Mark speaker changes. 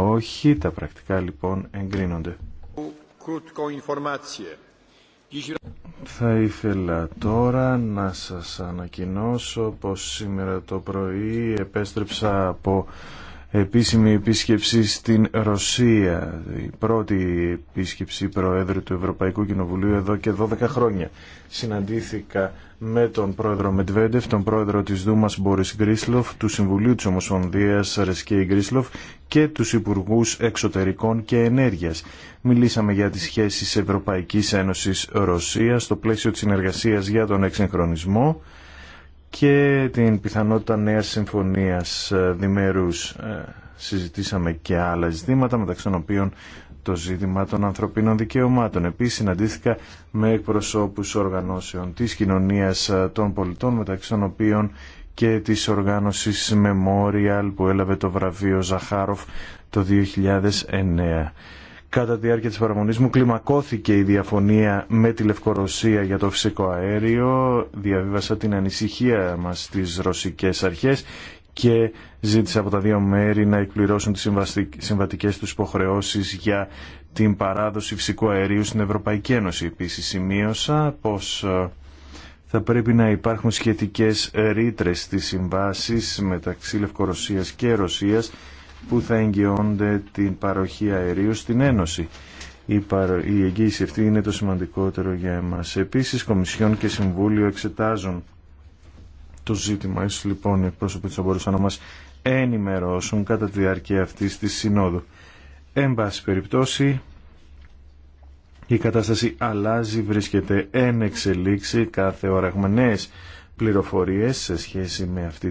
Speaker 1: Όχι, τα πρακτικά λοιπόν εγκρίνονται. Θα ήθελα τώρα να σας ανακοινώσω πως σήμερα το πρωί επέστρεψα από επίσημη επίσκεψη στην Ρωσία. Η πρώτη επίσκεψη Προέδρου του Ευρωπαϊκού Κοινοβουλίου εδώ και 12 χρόνια. Συναντήθηκα με τον Πρόεδρο Μετβέντεφ, τον Πρόεδρο της Δούμας Μπόρις Γκρίσλοφ, του Συμβουλίου της Ομοσπονδίας Ρεσκέη Γκρίσλοφ και τους Υπουργούς Εξωτερικών και Ενέργειας. Μιλήσαμε για τις σχέσεις Ευρωπαϊκής Ένωσης Ένωσης-Ρωσία στο πλαίσιο της συνεργασίας για τον εξυγχρονισμό και την πιθανότητα νέας συμφωνίας ε, διμερούς. Ε, συζητήσαμε και άλλα ζητήματα, μεταξύ των οποίων το ζήτημα των ανθρωπίνων δικαιωμάτων. Επίσης συναντήθηκα με εκπροσώπους οργανώσεων της κοινωνίας ε, των πολιτών, μεταξύ των οποίων και της οργάνωσης Memorial που έλαβε το βραβείο Ζαχάροφ το 2009. Κατά τη διάρκεια της παραμονής μου κλιμακώθηκε η διαφωνία με τη Λευκορωσία για το φυσικό αέριο. Διαβίβασα την ανησυχία μας στις ρωσικές αρχές και ζήτησα από τα δύο μέρη να εκπληρώσουν τις συμβατικές τους υποχρεώσεις για την παράδοση φυσικού αερίου στην Ευρωπαϊκή Ένωση. Επίσης σημείωσα πως ε, θα πρέπει να υπάρχουν σχετικές ρήτρε στις συμβάσει μεταξύ Λευκορωσίας και Ρωσίας που θα εγγυώνται την παροχή αερίου στην Ένωση. Η, η εγγύηση αυτή είναι το σημαντικότερο για εμάς. Επίσης, Κομισιόν και Συμβούλιο εξετάζουν το ζήτημα. εσείς, λοιπόν οι πρόσωποι μπορούσαν να μας ενημερώσουν κατά τη διάρκεια αυτής της συνόδου. Εν πάση περιπτώσει, η κατάσταση αλλάζει, βρίσκεται εν εξελίξη, κάθε ώρα έχουμε νέες πληροφορίες σε σχέση με αυτή